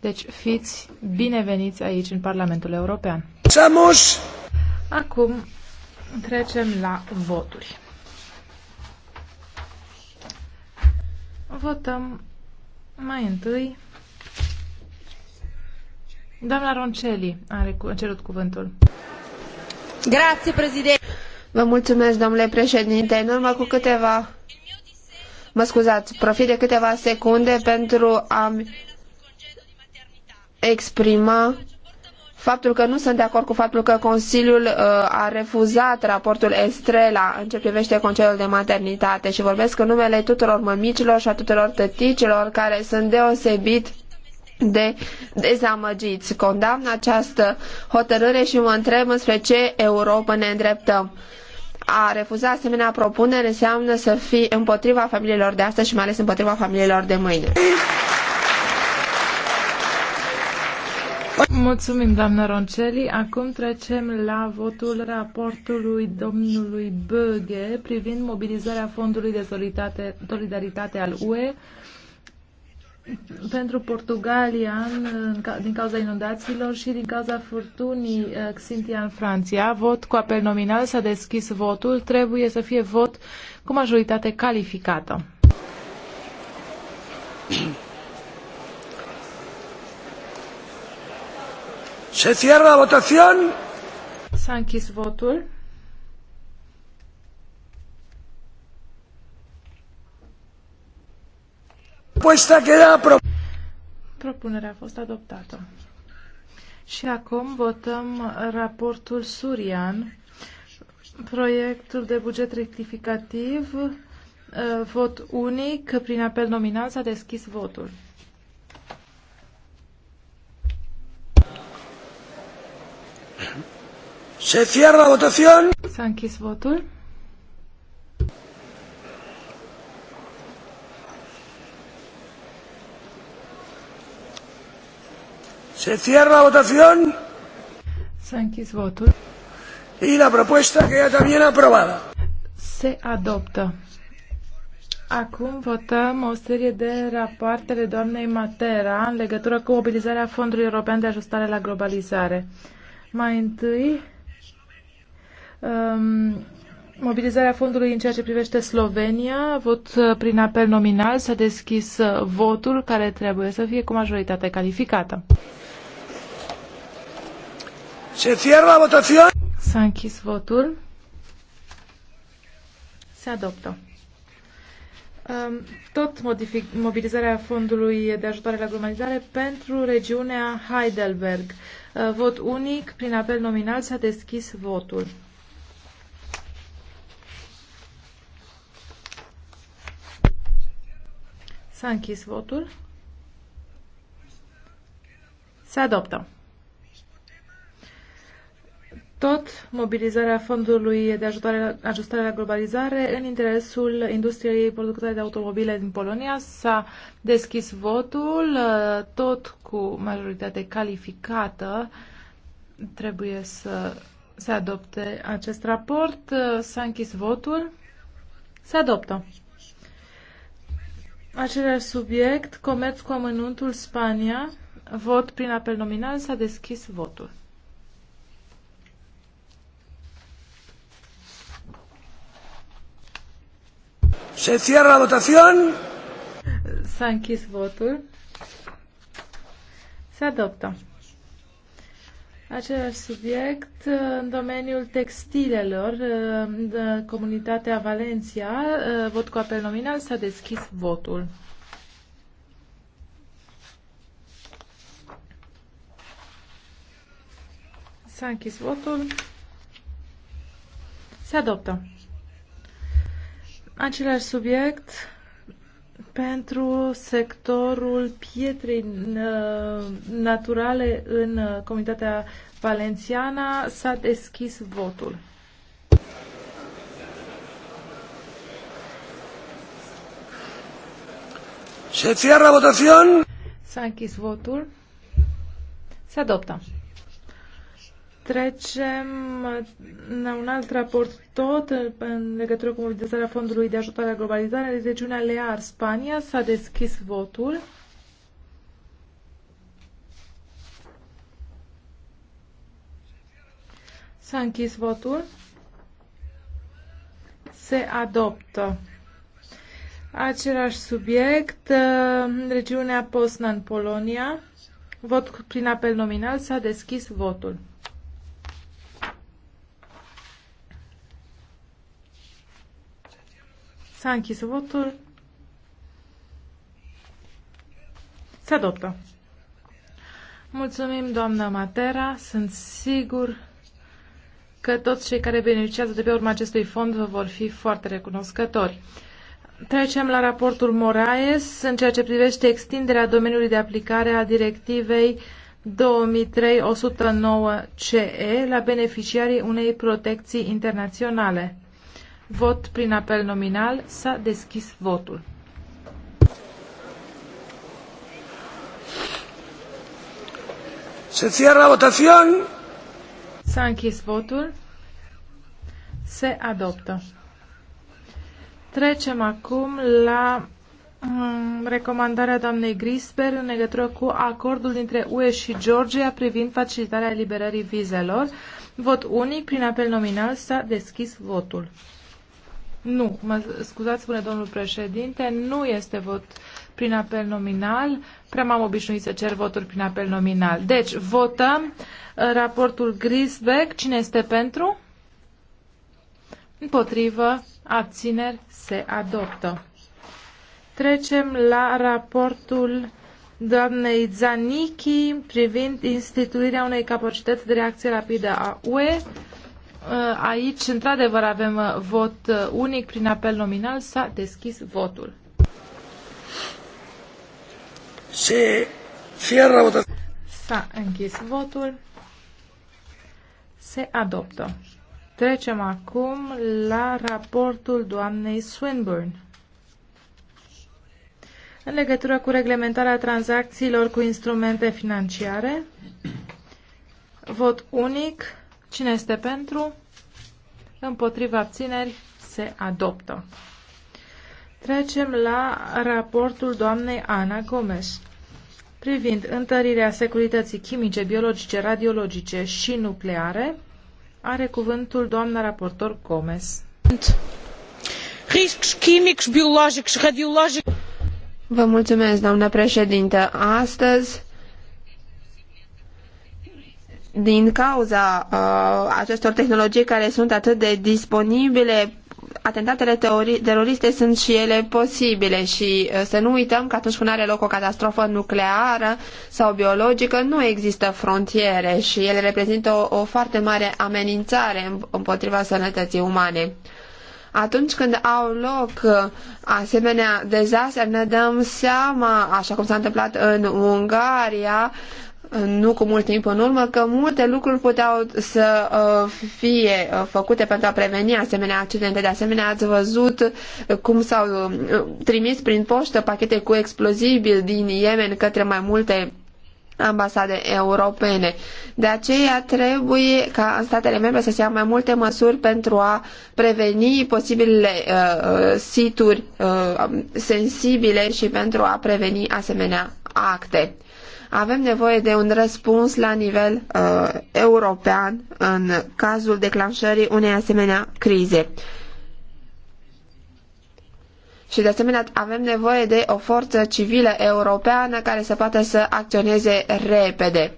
Deci fiți bineveniți aici în Parlamentul European. Samos! Acum trecem la voturi. Votăm mai întâi. Doamna Roncelli are cerut cuvântul. Grazie, președinte. Vă mulțumesc, domnule președinte. În urmă cu câteva... Mă scuzați, profit de câteva secunde pentru a exprima faptul că nu sunt de acord cu faptul că Consiliul uh, a refuzat raportul Estrela în ce privește concediul de maternitate și vorbesc în numele tuturor mămicilor și a tuturor tăticilor care sunt deosebit de dezamăgiți. Condamn această hotărâre și mă întreb înspre ce Europa ne îndreptăm. A refuza asemenea propunere înseamnă să fii împotriva familiilor de astăzi și mai ales împotriva familiilor de mâine. Mulțumim, doamnă Roncelli. Acum trecem la votul raportului domnului Böge privind mobilizarea Fondului de Solidaritate, al UE pentru Portugalia din cauza inundațiilor și din cauza furtunii uh, Xintia în Franța. Vot cu apel nominal s-a deschis votul. Trebuie să fie vot cu majoritate calificată. Se cierra la votación. S-a închis votul. Propuesta queda pro... Propunerea a fost adoptată. Și acum votăm raportul Surian, proiectul de buget rectificativ, uh, vot unic, prin apel nominal s-a deschis votul. Se cierra la votación. S-a închis votul. Se cierra la votación. S-a închis votul. Y la propuesta queda también aprobada. Se adoptă. Acum votăm o serie de rapoartele doamnei Matera în legătură cu mobilizarea Fondului European de Ajustare la Globalizare. Mai întâi, Um, mobilizarea fondului în ceea ce privește Slovenia, vot uh, prin apel nominal, s-a deschis uh, votul care trebuie să fie cu majoritate calificată. Se cierra votația. S-a închis votul. Se adoptă. Um, tot mobilizarea fondului de ajutoare la globalizare pentru regiunea Heidelberg. Uh, vot unic, prin apel nominal, s-a deschis votul. S-a închis votul. Se adoptă. Tot mobilizarea fondului de ajutare, ajustare la globalizare în interesul industriei producătoare de automobile din Polonia s-a deschis votul, tot cu majoritate calificată. Trebuie să se adopte acest raport. S-a închis votul. Se adoptă. Același subiect, comerț cu amănuntul Spania, vot prin apel nominal, s-a deschis votul. Se cierra la votación. S-a închis votul. Se adoptă. Același subiect uh, în domeniul textilelor, uh, de comunitatea Valencia, uh, vot cu apel nominal, s-a deschis votul. S-a închis votul. Se adoptă. Același subiect, pentru sectorul pietrei uh, naturale în uh, Comunitatea Valenciana s-a deschis votul. Se cierra votación. S-a închis votul. Se adoptă. Trecem la un alt raport tot în legătură cu mobilizarea Fondului de Ajutare la Globalizare. regiunea Lear, Spania, s-a deschis votul. S-a închis votul. Se adoptă. Același subiect, regiunea Poznan, Polonia. Vot prin apel nominal, s-a deschis votul. S-a închis votul. Se adoptă. Mulțumim, doamna Matera. Sunt sigur că toți cei care beneficiază de pe urma acestui fond vă vor fi foarte recunoscători. Trecem la raportul Moraes în ceea ce privește extinderea domeniului de aplicare a directivei 2003-109 CE la beneficiarii unei protecții internaționale. Vot prin apel nominal. S-a deschis votul. Se cierra votación. S-a închis votul. Se adoptă. Trecem acum la mm, recomandarea doamnei Grisper în legătură cu acordul dintre UE și Georgia privind facilitarea eliberării vizelor. Vot unic prin apel nominal s-a deschis votul. Nu, mă scuzați, spune domnul președinte, nu este vot prin apel nominal. Prea m-am obișnuit să cer voturi prin apel nominal. Deci, votăm uh, raportul Grisbeck. Cine este pentru? Împotrivă, abțineri, se adoptă. Trecem la raportul doamnei Zanichi privind instituirea unei capacități de reacție rapidă a UE. Uh, aici, într-adevăr, avem uh, vot uh, unic prin apel nominal. S-a deschis votul. Se cierra votat. S-a închis votul. Se adoptă. Trecem acum la raportul doamnei Swinburne. În legătură cu reglementarea tranzacțiilor cu instrumente financiare, vot unic Cine este pentru? Împotriva abțineri se adoptă. Trecem la raportul doamnei Ana Gomes privind întărirea securității chimice, biologice, radiologice și nucleare. Are cuvântul doamna raportor Gomes. Riscos químicos, biológicos, radiológicos. Vă mulțumesc, doamnă președintă. Astăzi din cauza uh, acestor tehnologii care sunt atât de disponibile, atentatele teroriste sunt și ele posibile și uh, să nu uităm că atunci când are loc o catastrofă nucleară sau biologică nu există frontiere și ele reprezintă o, o foarte mare amenințare împotriva sănătății umane atunci când au loc uh, asemenea dezastre, ne dăm seama, așa cum s-a întâmplat în Ungaria, nu cu mult timp în urmă, că multe lucruri puteau să uh, fie uh, făcute pentru a preveni asemenea accidente. De asemenea, ați văzut cum s-au uh, trimis prin poștă pachete cu explozibili din Yemen către mai multe ambasade europene. De aceea trebuie ca în statele membre să se ia mai multe măsuri pentru a preveni posibile uh, situri uh, sensibile și pentru a preveni asemenea acte. Avem nevoie de un răspuns la nivel uh, european în cazul declanșării unei asemenea crize. Și de asemenea avem nevoie de o forță civilă europeană care să poată să acționeze repede.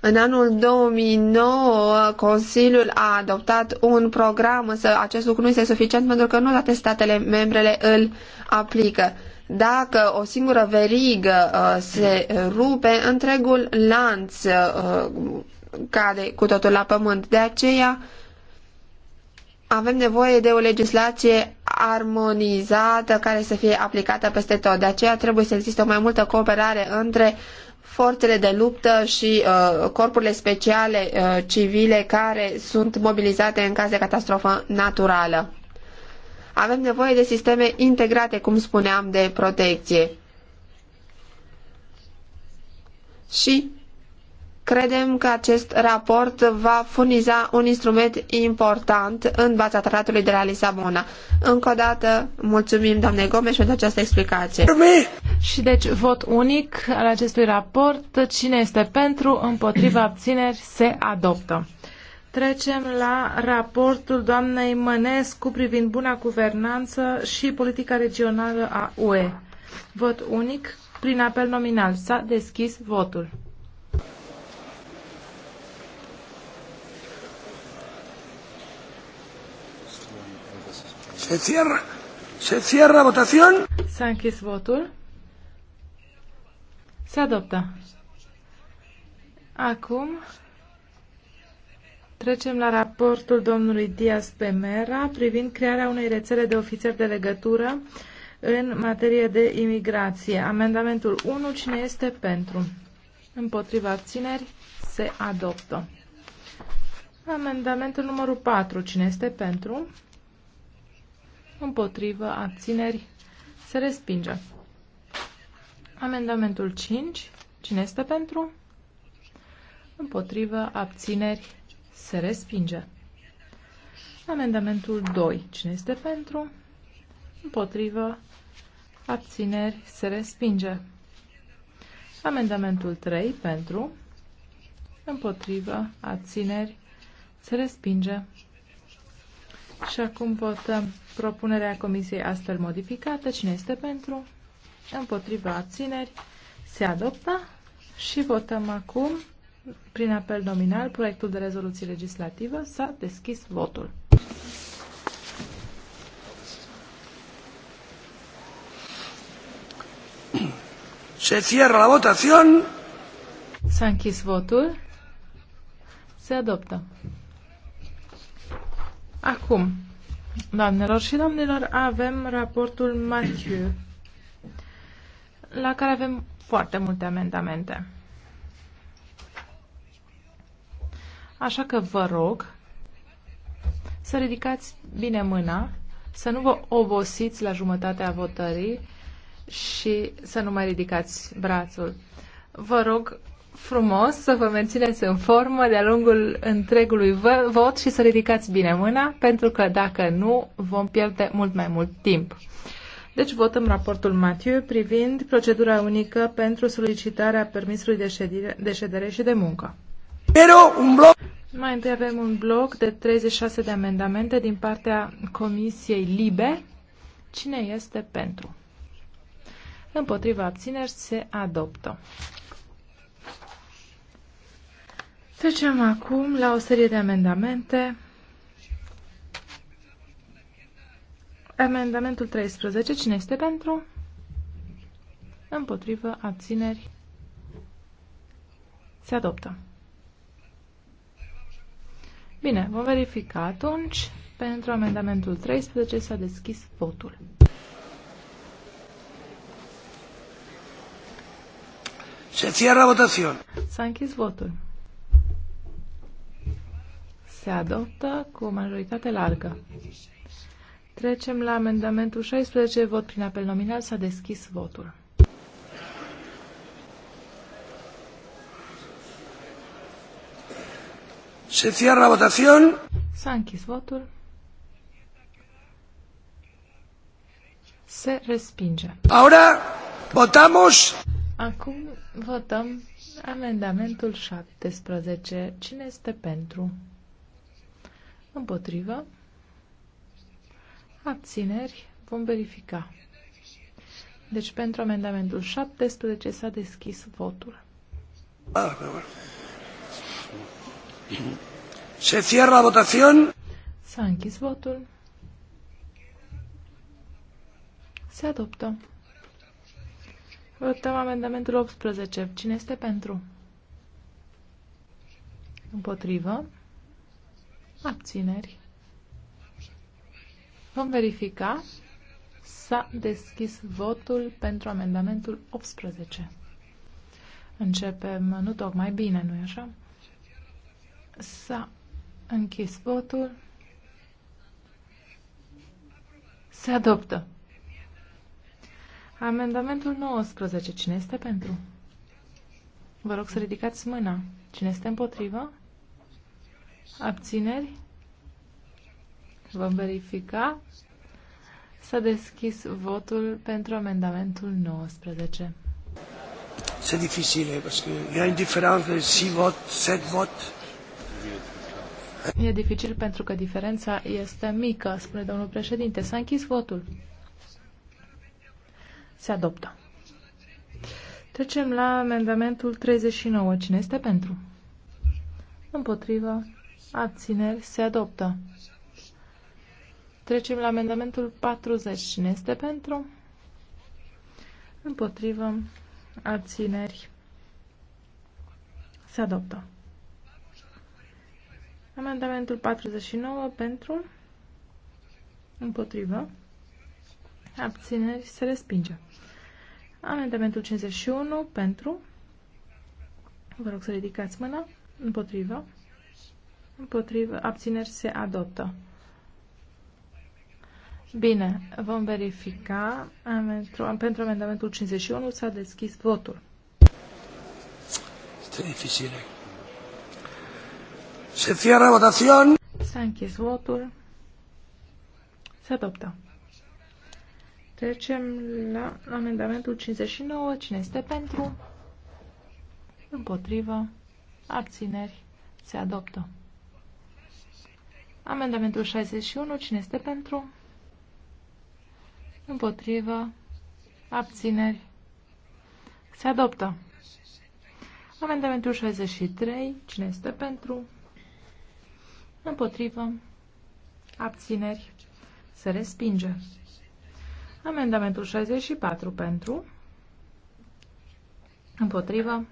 În anul 2009, Consiliul a adoptat un program, însă acest lucru nu este suficient pentru că nu toate statele membrele îl aplică. Dacă o singură verigă uh, se rupe, întregul lanț uh, cade cu totul la pământ. De aceea avem nevoie de o legislație armonizată care să fie aplicată peste tot. De aceea trebuie să existe o mai multă cooperare între forțele de luptă și uh, corpurile speciale uh, civile care sunt mobilizate în caz de catastrofă naturală. Avem nevoie de sisteme integrate, cum spuneam, de protecție. Și credem că acest raport va furniza un instrument important în baza tratatului de la Lisabona. Încă o dată, mulțumim doamne Gomes pentru această explicație. Și deci, vot unic al acestui raport. Cine este pentru, împotriva, abțineri, se adoptă. Trecem la raportul doamnei Mănescu privind buna guvernanță și politica regională a UE. Vot unic prin apel nominal. S-a deschis votul. Se cierra, se cierra votación. S-a închis votul. Se adoptă. Acum Trecem la raportul domnului Diaz Pemera privind crearea unei rețele de ofițeri de legătură în materie de imigrație. Amendamentul 1. Cine este pentru? Împotriva abțineri se adoptă. Amendamentul numărul 4. Cine este pentru? Împotrivă abțineri se respinge. Amendamentul 5. Cine este pentru? Împotrivă abțineri se respinge. Amendamentul 2. Cine este pentru? Împotrivă. Abțineri. Se respinge. Amendamentul 3. Pentru. Împotrivă. Abțineri. Se respinge. Și acum votăm propunerea comisiei astfel modificată. Cine este pentru? Împotrivă. abțineri. Se adoptă. Și votăm acum prin apel nominal proiectul de rezoluție legislativă. S-a deschis votul. Se cierra la votación. S-a închis votul. Se adoptă. Acum, doamnelor și domnilor, avem raportul Mathieu, la care avem foarte multe amendamente. Așa că vă rog să ridicați bine mâna, să nu vă obosiți la jumătatea votării și să nu mai ridicați brațul. Vă rog frumos să vă mențineți în formă de-a lungul întregului vot și să ridicați bine mâna, pentru că dacă nu, vom pierde mult mai mult timp. Deci votăm raportul Mathieu privind procedura unică pentru solicitarea permisului de ședere, de ședere și de muncă. Pero un bloc... Mai întâi avem un bloc de 36 de amendamente din partea Comisiei Libe. Cine este pentru? Împotriva abțineri se adoptă. Trecem acum la o serie de amendamente. Amendamentul 13. Cine este pentru? Împotrivă abțineri se adoptă. Bine, vom verifica atunci. Pentru amendamentul 13 s-a deschis votul. Se cierra votación. S-a închis votul. Se adoptă cu majoritate largă. Trecem la amendamentul 16, vot prin apel nominal, s-a deschis votul. Se cierra votación. S-a închis votul. Se respinge. Ahora votamos. Acum votăm amendamentul 17. Cine este pentru? Împotrivă. Abțineri. Vom verifica. Deci pentru amendamentul 17 s-a deschis votul. Ah, se cierra votación. S-a închis votul. Se adoptă. Votăm amendamentul 18. Cine este pentru? Împotrivă. Abțineri. Vom verifica. S-a deschis votul pentru amendamentul 18. Începem nu tocmai bine, nu-i așa? S-a închis votul. Se adoptă. Amendamentul 19. Cine este pentru? Vă rog să ridicați mâna. Cine este împotrivă? Abțineri? Vom verifica. S-a deschis votul pentru amendamentul 19. C'est dificile, parce qu'il y a une différence de 6 votes, 7 votes. E dificil pentru că diferența este mică, spune domnul președinte. S-a închis votul. Se adoptă. Trecem la amendamentul 39. Cine este pentru? Împotrivă. Abțineri. Se adoptă. Trecem la amendamentul 40. Cine este pentru? Împotrivă. Abțineri. Se adoptă. Amendamentul 49 pentru, împotrivă, abțineri, se respinge. Amendamentul 51 pentru, vă rog să ridicați mâna, împotrivă, împotrivă, abțineri, se adoptă. Bine, vom verifica. Pentru amendamentul 51 s-a deschis votul. Este dificil. Se cierra votación. S-a închis votul. Se adoptă. Trecem la amendamentul 59. Cine este pentru? Împotrivă. Abțineri. Se adoptă. Amendamentul 61. Cine este pentru? Împotrivă. Abțineri. Se adoptă. Amendamentul 63. Cine este pentru? împotrivă, abțineri, se respinge. Amendamentul 64 pentru, împotrivă,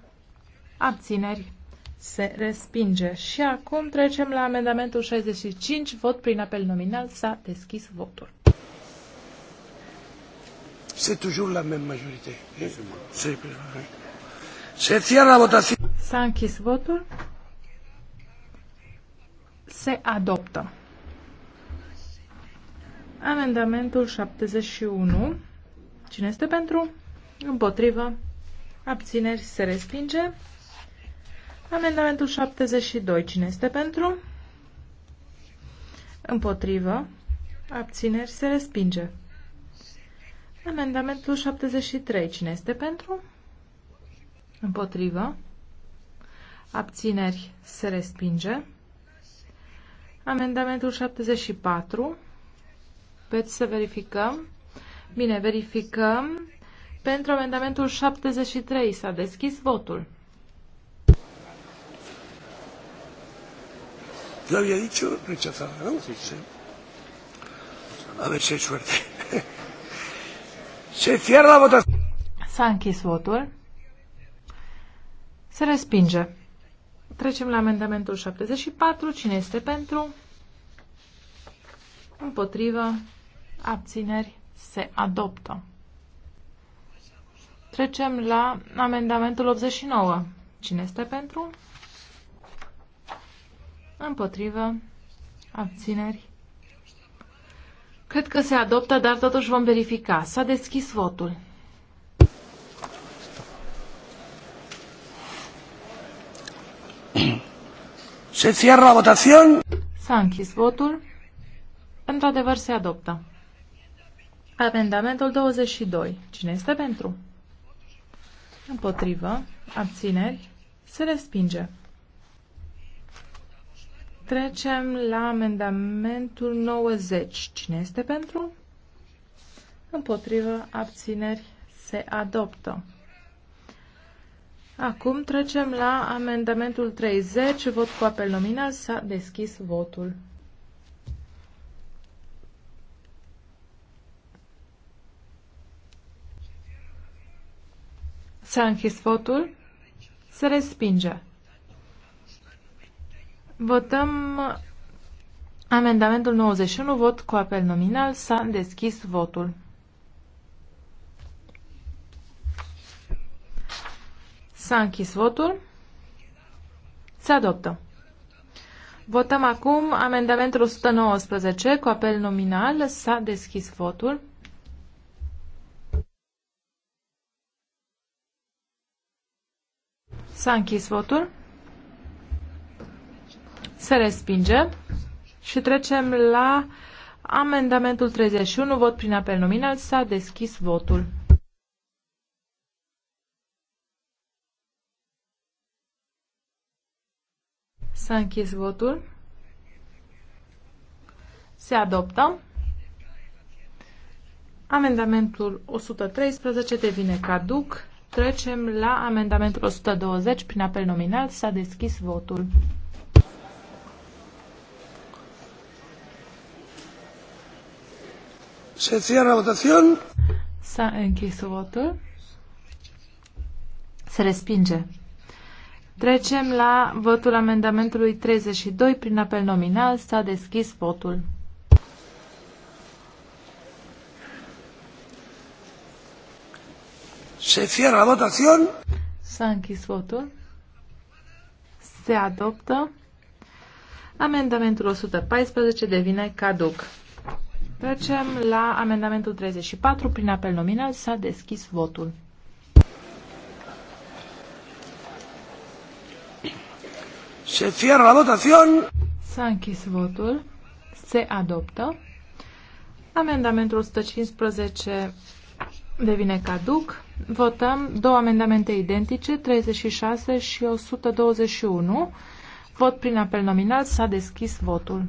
abțineri, se respinge. Și acum trecem la amendamentul 65, vot prin apel nominal, s-a deschis votul. C'est toujours la même majorité. S-a închis votul. Se adoptă. Amendamentul 71. Cine este pentru? Împotrivă. Abțineri se respinge. Amendamentul 72. Cine este pentru? Împotrivă. Abțineri se respinge. Amendamentul 73. Cine este pentru? Împotrivă. Abțineri se respinge. Amendamentul 74. Veți să verificăm. Bine, verificăm. Pentru amendamentul 73 s-a deschis votul. Yo había dicho rechazada, ¿no? Sí, sí. A ver si hay suerte. Se cierra la votación. S-a închis votul. Se respinge. Trecem la amendamentul 74. Cine este pentru? Împotrivă. Abțineri. Se adoptă. Trecem la amendamentul 89. Cine este pentru? Împotrivă. Abțineri. Cred că se adoptă, dar totuși vom verifica. S-a deschis votul. Se cierra la votación. S-a închis votul. Într-adevăr se adoptă. Amendamentul 22. Cine este pentru? Împotrivă. Abțineri. Se respinge. Trecem la amendamentul 90. Cine este pentru? Împotrivă. Abțineri. Se adoptă. Acum trecem la amendamentul 30, vot cu apel nominal. S-a deschis votul. S-a închis votul. Se respinge. Votăm amendamentul 91, vot cu apel nominal. S-a deschis votul. S-a închis votul. Se adoptă. Votăm acum amendamentul 119 cu apel nominal. S-a deschis votul. S-a închis votul. Se respinge. Și trecem la amendamentul 31, vot prin apel nominal. S-a deschis votul. S-a închis votul. Se adoptă. Amendamentul 113 devine caduc. Trecem la amendamentul 120 prin apel nominal. S-a deschis votul. Se cierra votación. S-a închis votul. Se respinge. Trecem la votul amendamentului 32 prin apel nominal. S-a deschis votul. Se cierra votación. S-a închis votul. Se adoptă. Amendamentul 114 devine caduc. Trecem la amendamentul 34 prin apel nominal. S-a deschis votul. Se cierra la votación. S-a închis votul. Se adoptă. Amendamentul 115 devine caduc. Votăm două amendamente identice, 36 și 121. Vot prin apel nominal. S-a deschis votul.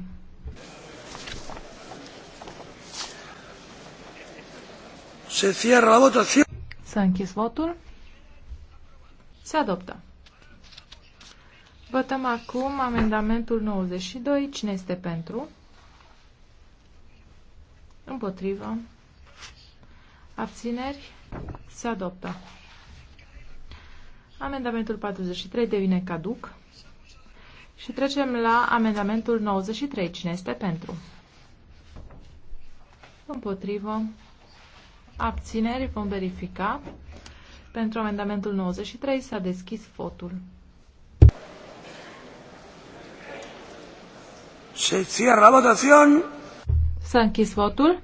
Se cierra la votación. S-a închis votul. Se adoptă. Votăm acum amendamentul 92. Cine este pentru? Împotrivă. Abțineri? Se adoptă. Amendamentul 43 devine caduc. Și trecem la amendamentul 93. Cine este pentru? Împotrivă. Abțineri? Vom verifica. Pentru amendamentul 93 s-a deschis votul. Se cierra votación. S-a închis votul.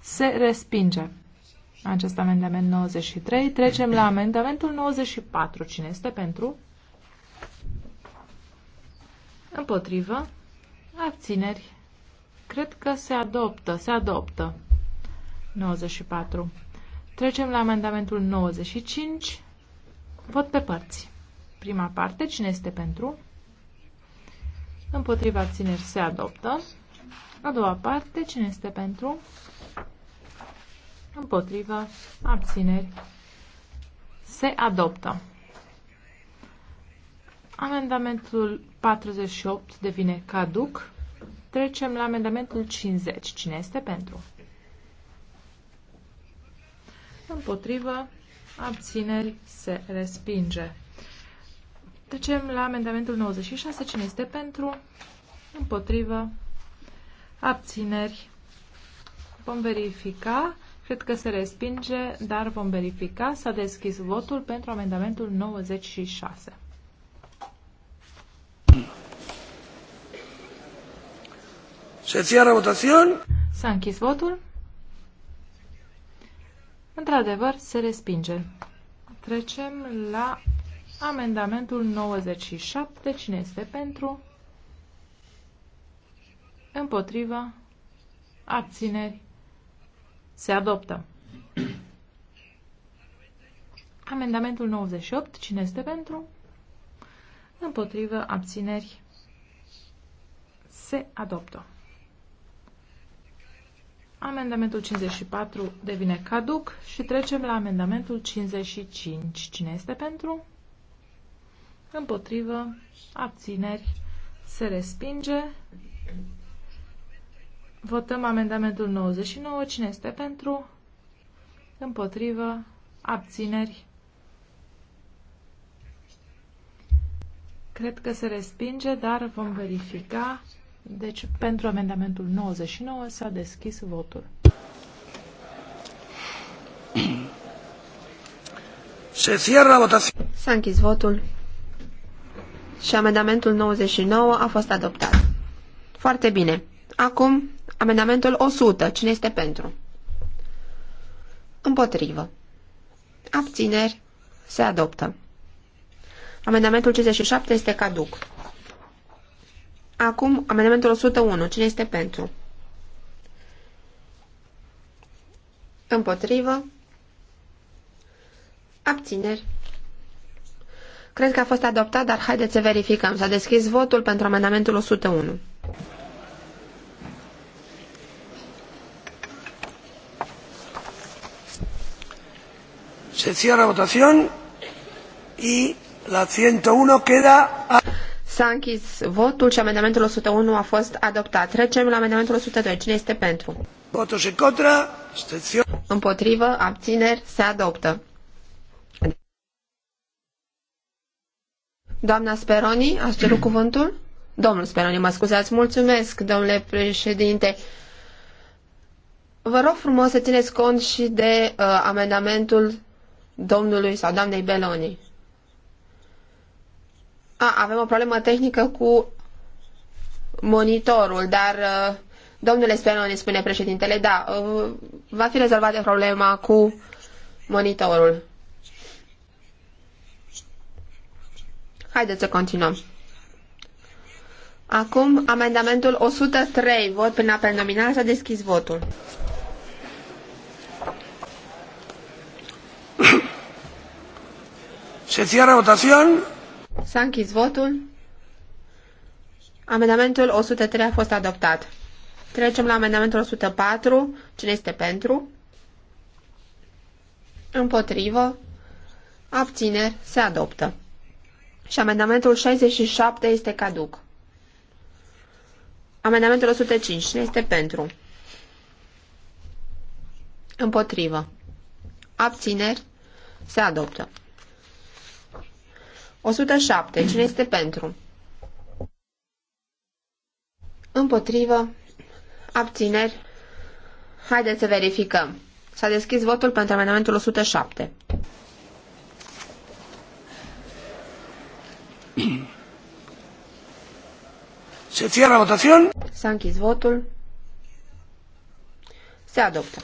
Se respinge acest amendament 93. Trecem la amendamentul 94. Cine este pentru? Împotrivă. Abțineri. Cred că se adoptă. Se adoptă. 94. Trecem la amendamentul 95. Vot pe părți. Prima parte. Cine este pentru? Împotriva țineri se adoptă. A doua parte, cine este pentru? Împotriva abțineri se adoptă. Amendamentul 48 devine caduc. Trecem la amendamentul 50. Cine este pentru? Împotriva abțineri se respinge. Trecem la amendamentul 96. Cine este pentru? Împotrivă? Abțineri? Vom verifica. Cred că se respinge, dar vom verifica. S-a deschis votul pentru amendamentul 96. Se cierra votación. S-a închis votul. Într-adevăr, se respinge. Trecem la Amendamentul 97. Cine este pentru? Împotrivă. Abțineri. Se adoptă. Amendamentul 98. Cine este pentru? Împotrivă. Abțineri. Se adoptă. Amendamentul 54 devine caduc și trecem la amendamentul 55. Cine este pentru? împotrivă, abțineri, se respinge. Votăm amendamentul 99. Cine este pentru? Împotrivă, abțineri. Cred că se respinge, dar vom verifica. Deci, pentru amendamentul 99 s-a deschis votul. Se cierra votația. S-a închis votul și amendamentul 99 a fost adoptat. Foarte bine. Acum, amendamentul 100. Cine este pentru? Împotrivă. Abțineri. Se adoptă. Amendamentul 57 este caduc. Acum, amendamentul 101. Cine este pentru? Împotrivă. Abțineri. Cred că a fost adoptat, dar haideți să verificăm. S-a deschis votul pentru amendamentul 101. Se cierra votación y la 101 queda... A... S-a închis votul și amendamentul 101 a fost adoptat. Trecem la amendamentul 102. Cine este pentru? Votul și contra. Abstențion. Împotrivă, abțineri, se adoptă. Doamna Speroni, ați cerut cuvântul? Domnul Speroni, mă scuzați, mulțumesc, domnule președinte. Vă rog frumos să țineți cont și de uh, amendamentul domnului sau doamnei Beloni. A, avem o problemă tehnică cu monitorul, dar, uh, domnule Speroni, spune președintele, da, uh, va fi rezolvată problema cu monitorul. Haideți să continuăm. Acum, amendamentul 103, vot prin apel nominal, s-a deschis votul. Se cierra votación. S-a închis votul. Amendamentul 103 a fost adoptat. Trecem la amendamentul 104. Cine este pentru? Împotrivă. Abțineri. Se adoptă și amendamentul 67 este caduc. Amendamentul 105 este pentru. Împotrivă. Abțineri. Se adoptă. 107. Cine este pentru? Împotrivă. Abțineri. Haideți să verificăm. S-a deschis votul pentru amendamentul 107. Se cierra votación. s votul. Se adoptă.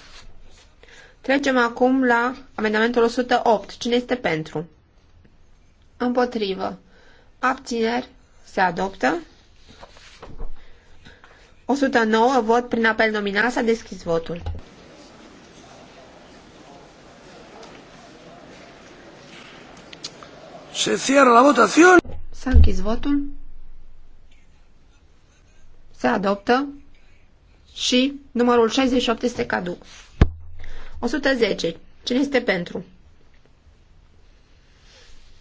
Trecem acum la amendamentul 108. Cine este pentru? Împotrivă. Abțineri. Se adoptă. 109. Vot prin apel nominal. S-a deschis votul. Se cierra la votación. S-a închis votul. Se adoptă și numărul 68 este caduc. 110. Cine este pentru?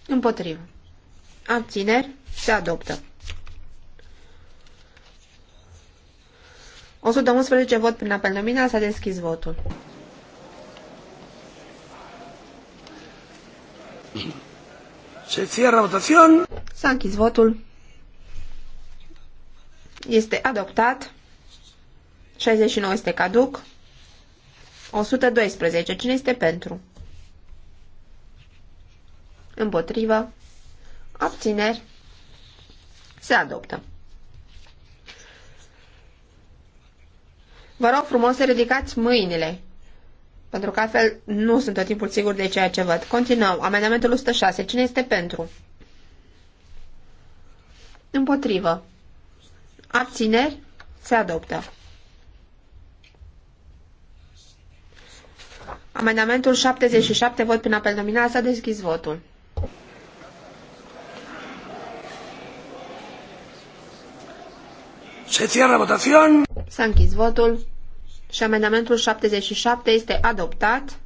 Împotrivă. Abțineri. Se adoptă. 111 vot prin apel nominal. S-a deschis votul. Se cierra votación. S-a închis votul. Este adoptat. 69 este caduc. 112. Cine este pentru? Împotrivă. Abțineri. Se adoptă. Vă rog frumos să ridicați mâinile, pentru că altfel nu sunt tot timpul sigur de ceea ce văd. Continuăm. Amendamentul 106. Cine este pentru? Împotrivă. Abțineri. Se adoptă. Amendamentul 77, vot prin apel nominal, s-a deschis votul. Se cierra votación. S-a închis votul și amendamentul 77 este adoptat,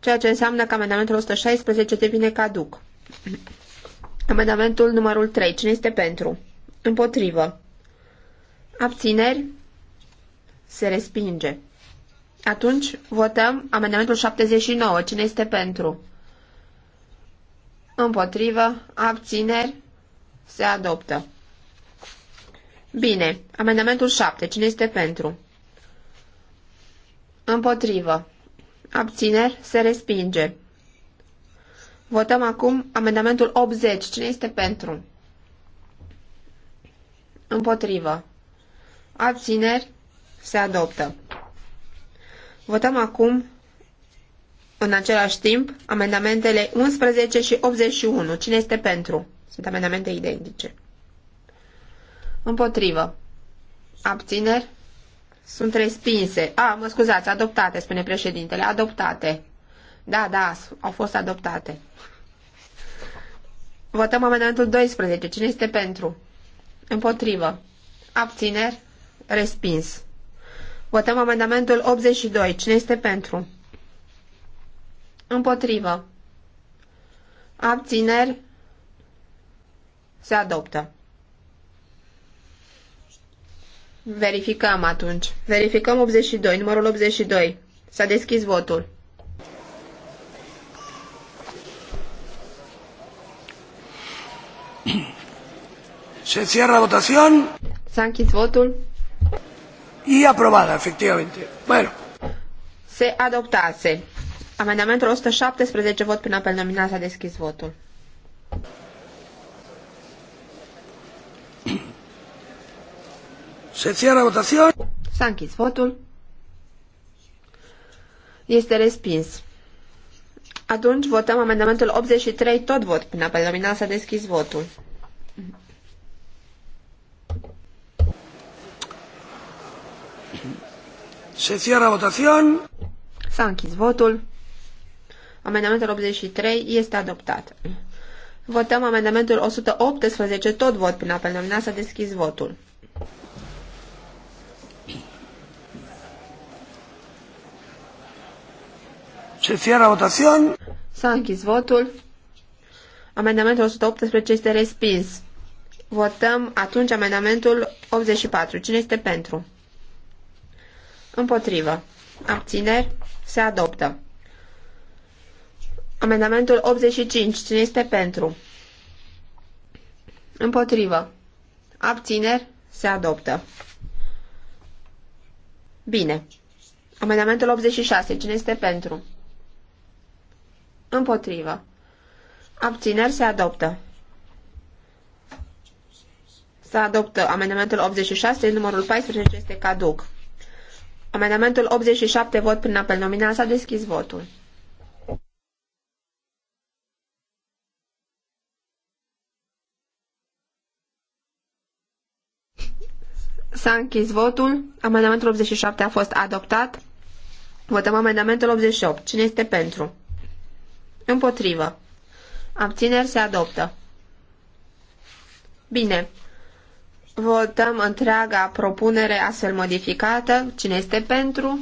ceea ce înseamnă că amendamentul 116 devine caduc. Amendamentul numărul 3. Cine este pentru? Împotrivă. Abțineri? Se respinge. Atunci votăm amendamentul 79. Cine este pentru? Împotrivă. Abțineri? Se adoptă. Bine. Amendamentul 7. Cine este pentru? Împotrivă. Abțineri? Se respinge. Votăm acum amendamentul 80. Cine este pentru? Împotrivă. Abțineri. Se adoptă. Votăm acum, în același timp, amendamentele 11 și 81. Cine este pentru? Sunt amendamente identice. Împotrivă. Abțineri. Sunt respinse. A, mă scuzați, adoptate, spune președintele. Adoptate. Da, da, au fost adoptate. Votăm amendamentul 12. Cine este pentru? Împotrivă. Abțineri. Respins. Votăm amendamentul 82. Cine este pentru? Împotrivă. Abțineri. Se adoptă. Verificăm atunci. Verificăm 82, numărul 82. S-a deschis votul. Se cierra votación. S-a închis votul. Y aprobada, efectivamente. Bueno. Se adoptase. Amendamentul 117, vot prin apel nominal, s-a deschis votul. Se cierra votación. S-a închis votul. Este respins. Atunci votăm amendamentul 83, tot vot prin apel nominal s-a deschis votul. Se cierra votación. S-a închis votul. Amendamentul 83 este adoptat. Votăm amendamentul 118, tot vot prin apel nominal s-a deschis votul. Se cierra votación. S-a închis votul. Amendamentul 118 este respins. Votăm atunci amendamentul 84. Cine este pentru? Împotrivă. Abțineri. Se adoptă. Amendamentul 85. Cine este pentru? Împotrivă. Abțineri. Se adoptă. Bine. Amendamentul 86. Cine este pentru? Împotrivă. Abțineri se adoptă. Se adoptă amendamentul 86, numărul 14 este caduc. Amendamentul 87, vot prin apel nominal, s-a deschis votul. S-a închis votul. Amendamentul 87 a fost adoptat. Votăm amendamentul 88. Cine este pentru? Împotrivă. Abțineri se adoptă. Bine. Votăm întreaga propunere astfel modificată. Cine este pentru?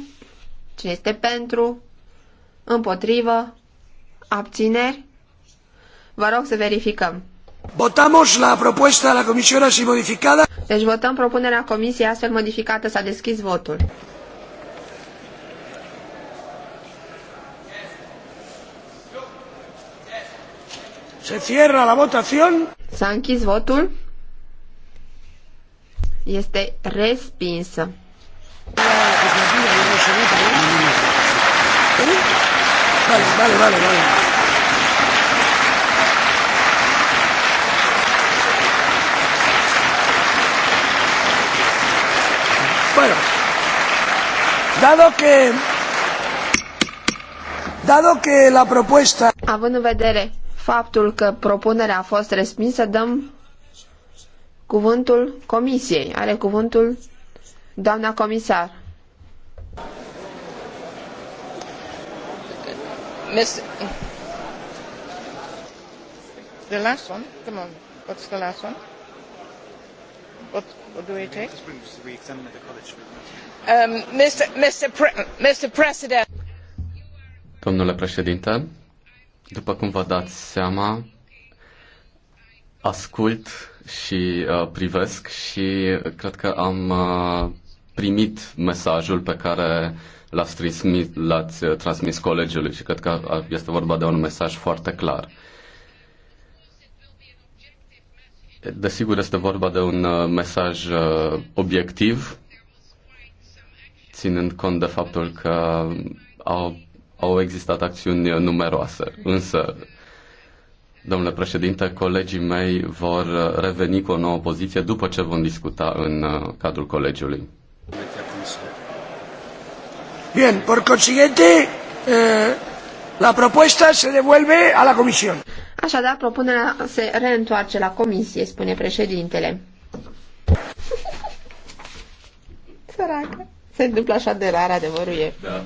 Cine este pentru? Împotrivă? Abțineri? Vă rog să verificăm. Votăm la propunerea la comisión și modificată. Deci votăm propunerea comisiei astfel modificată. S-a deschis votul. Se cierra la votación. S-a închis votul. Este respinsă. Vale, vale, vale, vale. Bueno, dado que, dado que la propuesta... Având în vedere faptul că propunerea a fost respinsă, dăm cuvântul comisiei. Are cuvântul doamna comisar. The last one? Come on. What's the last one? What, what do we take? Um, Mr. Mr. Pre Mr. President. Domnule președinte, după cum vă dați seama, ascult și uh, privesc și cred că am uh, primit mesajul pe care l-ați transmis, l-ați uh, transmis colegiului și cred că este vorba de un mesaj foarte clar. Desigur, este vorba de un uh, mesaj uh, obiectiv, ținând cont de faptul că au au existat acțiuni numeroase. Însă, domnule președinte, colegii mei vor reveni cu o nouă poziție după ce vom discuta în uh, cadrul colegiului. Bien, por consiguiente, eh, la propuesta se devuelve a la comisión. Așadar, propunerea se reîntoarce la comisie, spune președintele. Săracă. Se întâmplă așa de rar, adevărul e. Da.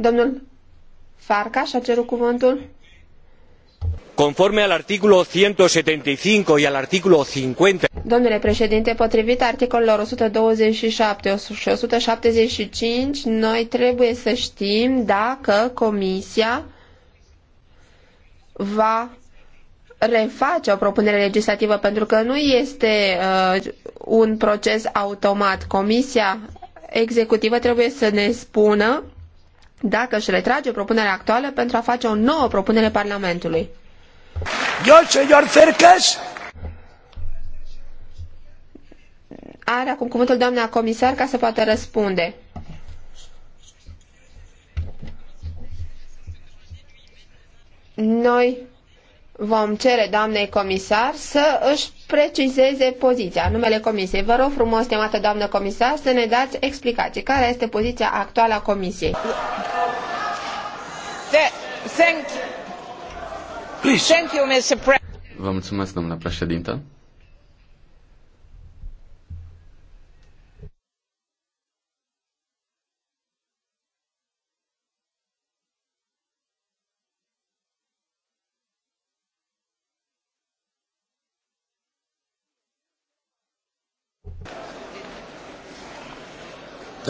Domnul Farcaș a cerut cuvântul. Conforme al articolul 175 și al articolul 50. Domnule președinte, potrivit articolelor 127 și 175, noi trebuie să știm dacă Comisia va reface o propunere legislativă, pentru că nu este uh, un proces automat. Comisia executivă trebuie să ne spună dacă își retrage propunerea actuală pentru a face o nouă propunere Parlamentului. Eu, señor Cercas. Are acum cuvântul doamna comisar ca să poată răspunde. Noi vom cere doamnei comisar să își precizeze poziția, numele comisiei. Vă rog frumos, stimată doamnă comisar, să ne dați explicații. Care este poziția actuală a comisiei? Vă mulțumesc, domnule președinte.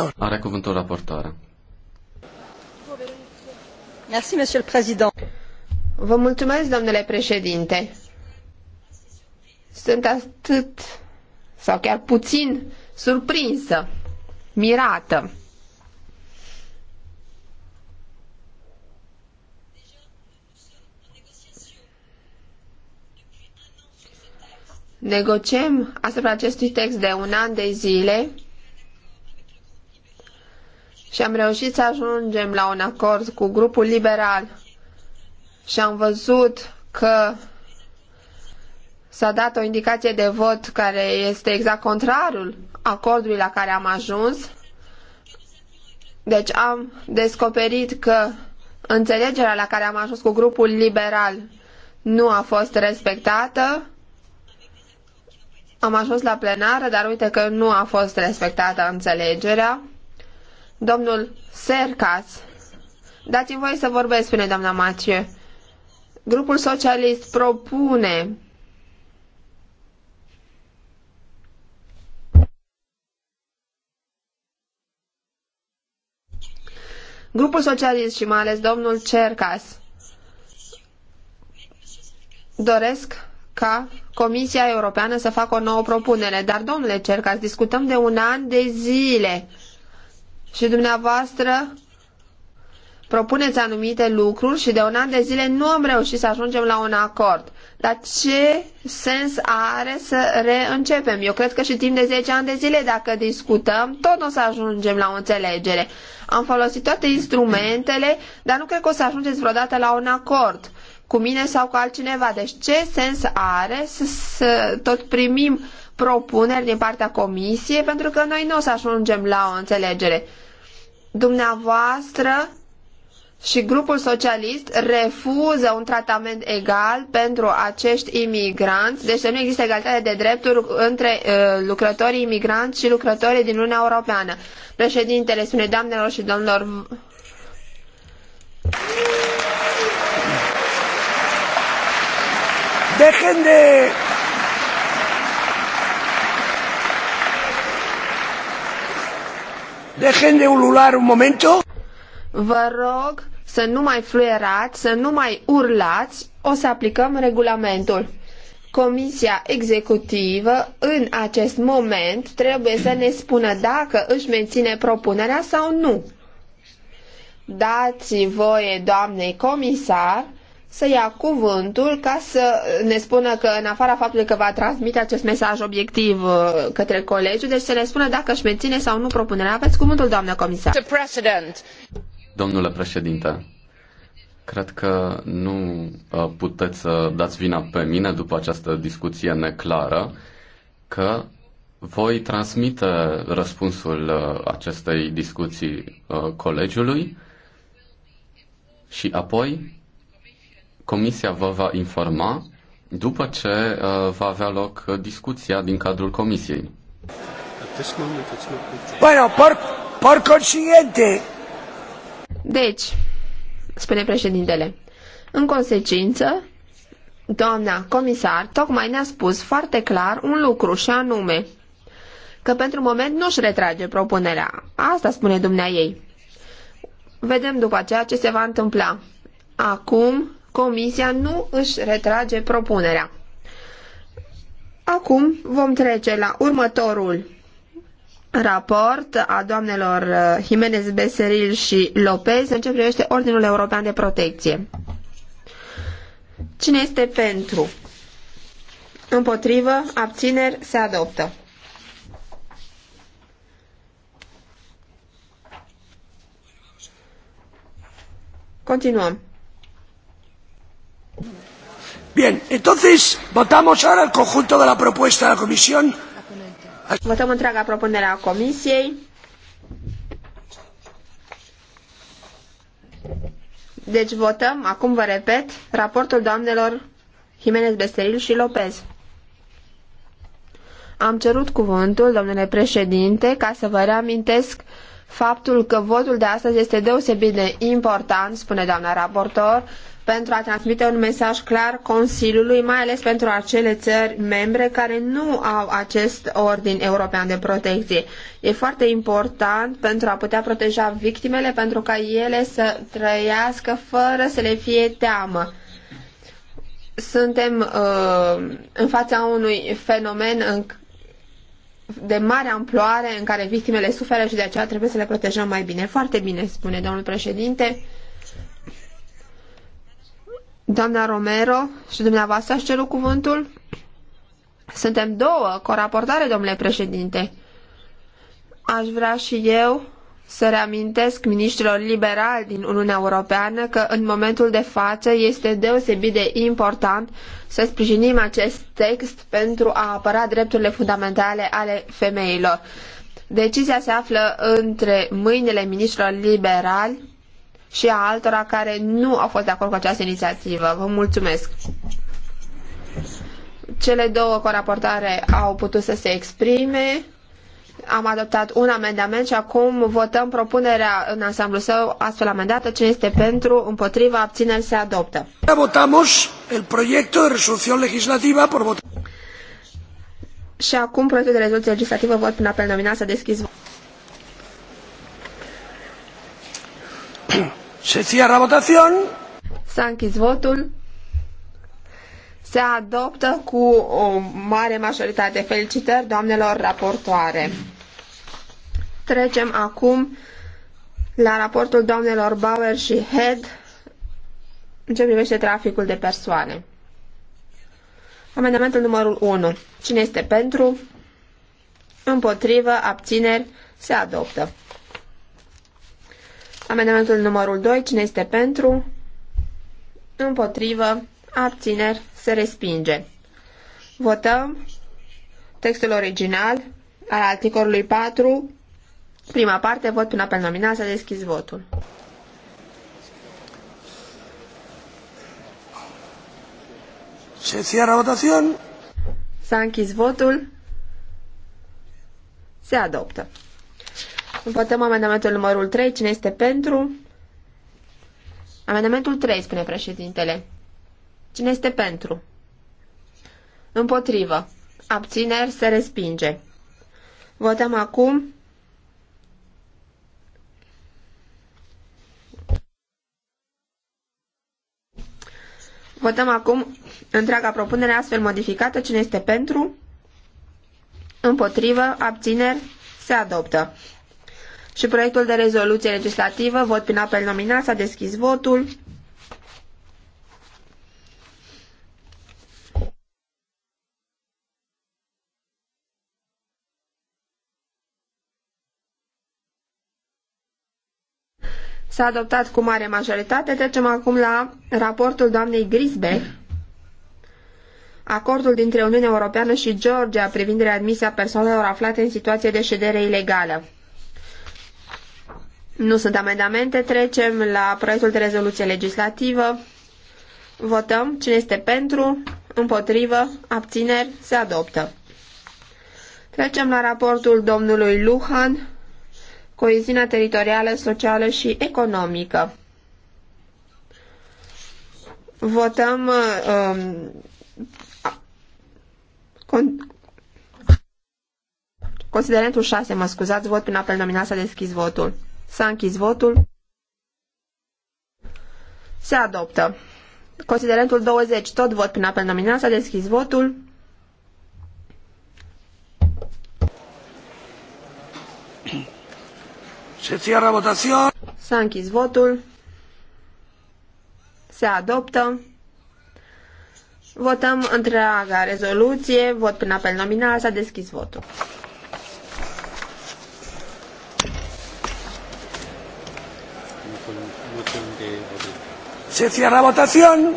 raportor. Are cuvântul raportoarea. Merci, monsieur le président. Vă mulțumesc, domnule președinte. Sunt atât sau chiar puțin surprinsă, mirată. Negociem asupra acestui text de un an de zile și am reușit să ajungem la un acord cu grupul liberal și am văzut că s-a dat o indicație de vot care este exact contrarul acordului la care am ajuns. Deci am descoperit că înțelegerea la care am ajuns cu grupul liberal nu a fost respectată. Am ajuns la plenară, dar uite că nu a fost respectată înțelegerea. Domnul Sercas, dați-mi voie să vorbesc, spune doamna Macie. Grupul socialist propune Grupul socialist și mai ales domnul Cercas doresc ca Comisia Europeană să facă o nouă propunere. Dar, domnule Cercas, discutăm de un an de zile și dumneavoastră propuneți anumite lucruri și de un an de zile nu am reușit să ajungem la un acord. Dar ce sens are să reîncepem? Eu cred că și timp de 10 ani de zile, dacă discutăm, tot nu o să ajungem la o înțelegere. Am folosit toate instrumentele, dar nu cred că o să ajungeți vreodată la un acord cu mine sau cu altcineva. Deci ce sens are să, să tot primim propuneri din partea comisiei pentru că noi nu o să ajungem la o înțelegere dumneavoastră și grupul socialist refuză un tratament egal pentru acești imigranți, deci nu există egalitate de drepturi între uh, lucrătorii imigranți și lucrătorii din Uniunea Europeană. Președintele spune, doamnelor și domnilor, când de Dejen de ulular un momento. Vă rog să nu mai fluierați, să nu mai urlați, o să aplicăm regulamentul. Comisia executivă în acest moment trebuie să ne spună dacă își menține propunerea sau nu. Dați voie doamnei comisar să ia cuvântul ca să ne spună că, în afara faptului că va transmite acest mesaj obiectiv uh, către colegi, deci să ne spună dacă își menține sau nu propunerea. Aveți cuvântul, doamnă comisar. Domnule președinte, cred că nu uh, puteți să dați vina pe mine după această discuție neclară că voi transmite răspunsul uh, acestei discuții colegiului și apoi Comisia vă va informa după ce uh, va avea loc uh, discuția din cadrul Comisiei. Bueno, por, por consiguiente. Deci, spune președintele, în consecință, doamna comisar tocmai ne-a spus foarte clar un lucru și anume că pentru moment nu-și retrage propunerea. Asta spune dumnea ei. Vedem după aceea ce se va întâmpla. Acum Comisia nu își retrage propunerea. Acum vom trece la următorul raport a doamnelor uh, Jimenez Beseril și Lopez în ce privește Ordinul European de Protecție. Cine este pentru? Împotrivă, abțineri, se adoptă. Continuăm entonces votamos ahora el conjunto de la propuesta de la Comisión. Votăm întreaga propunere a Comisiei. Deci votăm, acum vă repet, raportul doamnelor Jimenez Beseril și Lopez. Am cerut cuvântul, domnule președinte, ca să vă reamintesc faptul că votul de astăzi este deosebit de important, spune doamna raportor, pentru a transmite un mesaj clar Consiliului, mai ales pentru acele țări membre care nu au acest ordin european de protecție. E foarte important pentru a putea proteja victimele, pentru ca ele să trăiască fără să le fie teamă. Suntem uh, în fața unui fenomen în, de mare amploare în care victimele suferă și de aceea trebuie să le protejăm mai bine. Foarte bine, spune domnul președinte. Doamna Romero și dumneavoastră aș ceru cuvântul? Suntem două, coraportare, domnule președinte. Aș vrea și eu să reamintesc ministrilor liberali din Uniunea Europeană că în momentul de față este deosebit de important să sprijinim acest text pentru a apăra drepturile fundamentale ale femeilor. Decizia se află între mâinile ministrilor liberali și a altora care nu au fost de acord cu această inițiativă. Vă mulțumesc! Cele două coraportare au putut să se exprime. Am adoptat un amendament și acum votăm propunerea în ansamblu său astfel amendată. Cine este pentru, împotriva, abțineri, se adoptă. Votamos el proyecto de resolución legislativă por vot. Și acum proiectul de rezoluție legislativă vot prin apel nominal să deschizi. Se cierra votación. S-a închis votul. Se adoptă cu o mare majoritate. Felicitări doamnelor raportoare. Trecem acum la raportul doamnelor Bauer și Head în ce privește traficul de persoane. Amendamentul numărul 1. Cine este pentru? Împotrivă, abțineri, se adoptă. Amendamentul numărul 2, cine este pentru? Împotrivă, abțineri, se respinge. Votăm textul original al articolului 4, prima parte, vot până pe nominal, s-a deschis votul. Se cierra votación. S-a închis votul. Se adoptă. Votăm amendamentul numărul 3. Cine este pentru? Amendamentul 3, spune președintele. Cine este pentru? Împotrivă. Abțineri se respinge. Votăm acum. Votăm acum întreaga propunere astfel modificată. Cine este pentru? Împotrivă. Abțineri se adoptă și proiectul de rezoluție legislativă. Vot prin apel nominal. S-a deschis votul. s-a adoptat cu mare majoritate. Trecem acum la raportul doamnei Grisbe. Acordul dintre Uniunea Europeană și Georgia privind readmisia persoanelor aflate în situație de ședere ilegală. Nu sunt amendamente. Trecem la proiectul de rezoluție legislativă. Votăm cine este pentru, împotrivă, abțineri, se adoptă. Trecem la raportul domnului Luhan, coeziunea teritorială, socială și economică. Votăm um, con, considerentul 6, mă scuzați, vot prin apel nominal s-a deschis votul. S-a închis votul. Se adoptă. Considerentul 20, tot vot prin apel nominal, s-a deschis votul. Se cierra votația. S-a închis votul. Se adoptă. Votăm întreaga rezoluție, vot prin apel nominal, s-a deschis votul. con moțiuni de Se cierra votación.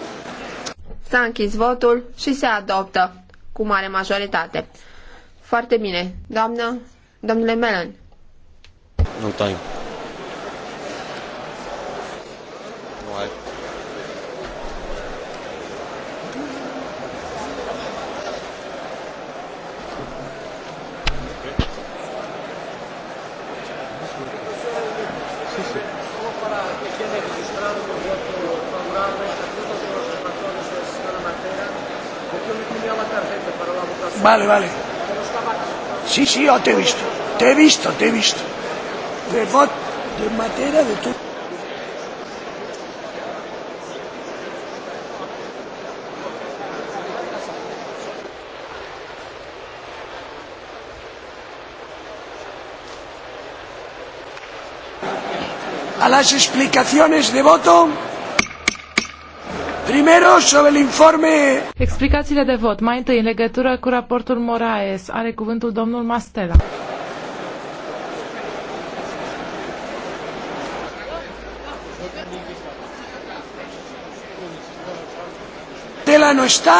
S-a închis votul și se adoptă cu mare majoritate. Foarte bine. Doamnă, domnule Melan. No time. Vale, vale. Sí, sí, yo te he visto. Te he visto, te he visto. De vot, de materia de todo. a las explicaciones de voto. Primero sobre el informe. Explicațiile de vot. Mai întâi, în legătură cu raportul Moraes, are cuvântul domnul Mastela. Mastela nu no este.